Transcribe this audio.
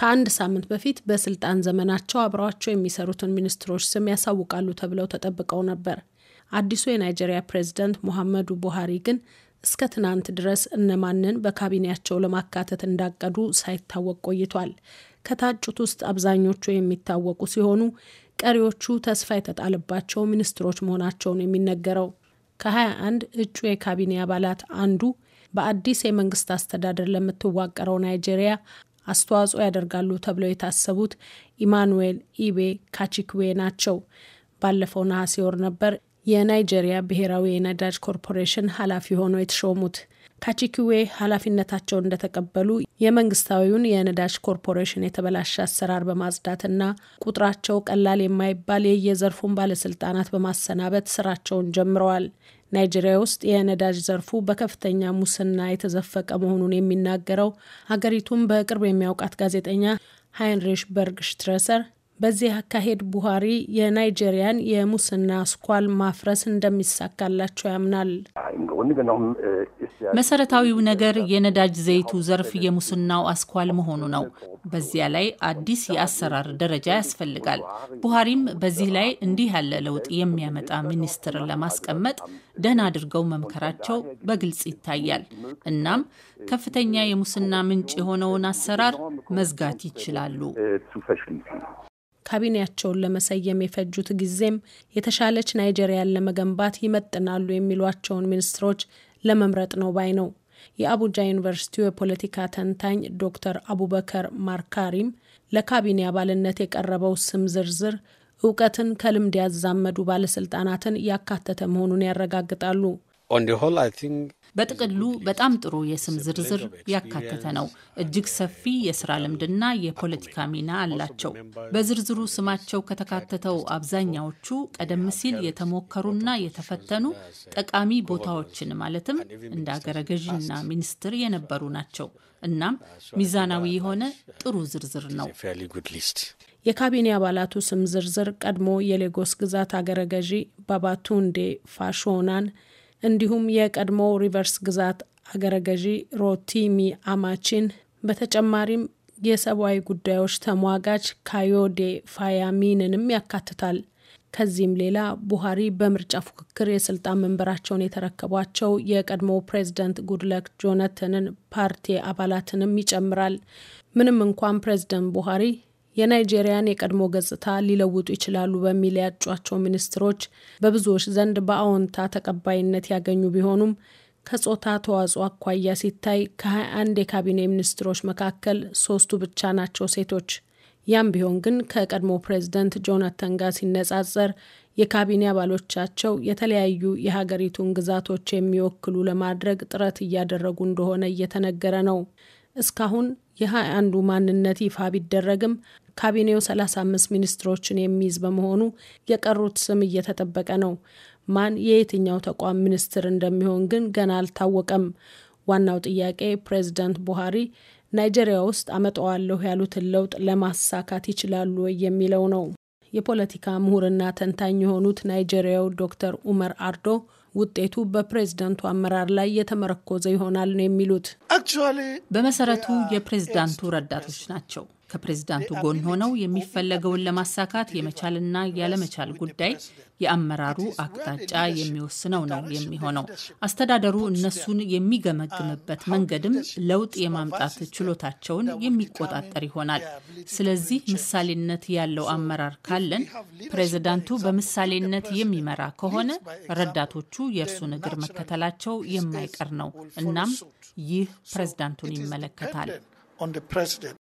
ከአንድ ሳምንት በፊት በስልጣን ዘመናቸው አብረዋቸው የሚሰሩትን ሚኒስትሮች ስም ያሳውቃሉ ተብለው ተጠብቀው ነበር። አዲሱ የናይጄሪያ ፕሬዝዳንት ሙሐመዱ ቡሃሪ ግን እስከ ትናንት ድረስ እነማንን በካቢኔያቸው ለማካተት እንዳቀዱ ሳይታወቅ ቆይቷል። ከታጩት ውስጥ አብዛኞቹ የሚታወቁ ሲሆኑ ቀሪዎቹ ተስፋ የተጣለባቸው ሚኒስትሮች መሆናቸውን የሚነገረው ከ21 እጩ የካቢኔ አባላት አንዱ በአዲስ የመንግስት አስተዳደር ለምትዋቀረው ናይጄሪያ አስተዋጽኦ ያደርጋሉ ተብለው የታሰቡት ኢማኑዌል ኢቤ ካቺክዌ ናቸው። ባለፈው ነሐሴ ወር ነበር የናይጄሪያ ብሔራዊ የነዳጅ ኮርፖሬሽን ኃላፊ ሆነው የተሾሙት። ካቺኪዌ ኃላፊነታቸውን እንደተቀበሉ የመንግስታዊውን የነዳጅ ኮርፖሬሽን የተበላሸ አሰራር በማጽዳትና ቁጥራቸው ቀላል የማይባል የየዘርፉን ባለስልጣናት በማሰናበት ስራቸውን ጀምረዋል። ናይጄሪያ ውስጥ የነዳጅ ዘርፉ በከፍተኛ ሙስና የተዘፈቀ መሆኑን የሚናገረው ሀገሪቱን በቅርብ የሚያውቃት ጋዜጠኛ ሃይንሪሽ በርግ ሽትረሰር በዚህ አካሄድ ቡሃሪ የናይጄሪያን የሙስና አስኳል ማፍረስ እንደሚሳካላቸው ያምናል። መሰረታዊው ነገር የነዳጅ ዘይቱ ዘርፍ የሙስናው አስኳል መሆኑ ነው። በዚያ ላይ አዲስ የአሰራር ደረጃ ያስፈልጋል። ቡሃሪም በዚህ ላይ እንዲህ ያለ ለውጥ የሚያመጣ ሚኒስትር ለማስቀመጥ ደህና አድርገው መምከራቸው በግልጽ ይታያል። እናም ከፍተኛ የሙስና ምንጭ የሆነውን አሰራር መዝጋት ይችላሉ። ካቢኔያቸውን ለመሰየም የፈጁት ጊዜም የተሻለች ናይጄሪያን ለመገንባት ይመጥናሉ የሚሏቸውን ሚኒስትሮች ለመምረጥ ነው ባይ ነው። የአቡጃ ዩኒቨርሲቲው የፖለቲካ ተንታኝ ዶክተር አቡበከር ማርካሪም ለካቢኔ አባልነት የቀረበው ስም ዝርዝር እውቀትን ከልምድ ያዛመዱ ባለስልጣናትን ያካተተ መሆኑን ያረጋግጣሉ። በጥቅሉ በጣም ጥሩ የስም ዝርዝር ያካተተ ነው። እጅግ ሰፊ የስራ ልምድና የፖለቲካ ሚና አላቸው። በዝርዝሩ ስማቸው ከተካተተው አብዛኛዎቹ ቀደም ሲል የተሞከሩና የተፈተኑ ጠቃሚ ቦታዎችን ማለትም እንደ አገረ ገዥና ሚኒስትር የነበሩ ናቸው። እናም ሚዛናዊ የሆነ ጥሩ ዝርዝር ነው። የካቢኔ አባላቱ ስም ዝርዝር ቀድሞ የሌጎስ ግዛት አገረ ገዢ ባባቱንዴ ፋሾናን እንዲሁም የቀድሞ ሪቨርስ ግዛት አገረ ገዢ ሮቲሚ አማቺን በተጨማሪም የሰብአዊ ጉዳዮች ተሟጋች ካዮዴ ፋያሚንንም ያካትታል። ከዚህም ሌላ ቡሃሪ በምርጫ ፉክክር የስልጣን መንበራቸውን የተረከቧቸው የቀድሞ ፕሬዝደንት ጉድለክ ጆነተንን ፓርቲ አባላትንም ይጨምራል። ምንም እንኳን ፕሬዝደንት ቡሃሪ የናይጄሪያን የቀድሞ ገጽታ ሊለውጡ ይችላሉ በሚል ያጯቸው ሚኒስትሮች በብዙዎች ዘንድ በአዎንታ ተቀባይነት ያገኙ ቢሆኑም ከጾታ ተዋጽኦ አኳያ ሲታይ ከ21 የካቢኔ ሚኒስትሮች መካከል ሶስቱ ብቻ ናቸው ሴቶች። ያም ቢሆን ግን ከቀድሞ ፕሬዝደንት ጆናተን ጋር ሲነጻጸር የካቢኔ አባሎቻቸው የተለያዩ የሀገሪቱን ግዛቶች የሚወክሉ ለማድረግ ጥረት እያደረጉ እንደሆነ እየተነገረ ነው። እስካሁን የሃያ አንዱ ማንነት ይፋ ቢደረግም ካቢኔው 35 ሚኒስትሮችን የሚይዝ በመሆኑ የቀሩት ስም እየተጠበቀ ነው። ማን የየትኛው ተቋም ሚኒስትር እንደሚሆን ግን ገና አልታወቀም። ዋናው ጥያቄ ፕሬዚደንት ቡሃሪ ናይጄሪያ ውስጥ አመጣዋለሁ ያሉትን ለውጥ ለማሳካት ይችላሉ ወይ የሚለው ነው። የፖለቲካ ምሁርና ተንታኝ የሆኑት ናይጄሪያው ዶክተር ኡመር አርዶ ውጤቱ በፕሬዝዳንቱ አመራር ላይ የተመረኮዘ ይሆናል ነው የሚሉት። በመሰረቱ የፕሬዝዳንቱ ረዳቶች ናቸው። ከፕሬዝዳንቱ ጎን ሆነው የሚፈለገውን ለማሳካት የመቻልና ያለመቻል ጉዳይ የአመራሩ አቅጣጫ የሚወስነው ነው የሚሆነው። አስተዳደሩ እነሱን የሚገመግምበት um, መንገድም ለውጥ የማምጣት ችሎታቸውን የሚቆጣጠር ይሆናል። ስለዚህ ምሳሌነት ያለው አመራር ካለን፣ ፕሬዝዳንቱ በምሳሌነት የሚመራ ከሆነ ረዳቶቹ የእርሱን እግር መከተላቸው የማይቀር ነው። እናም ይህ ፕሬዝዳንቱን ይመለከታል።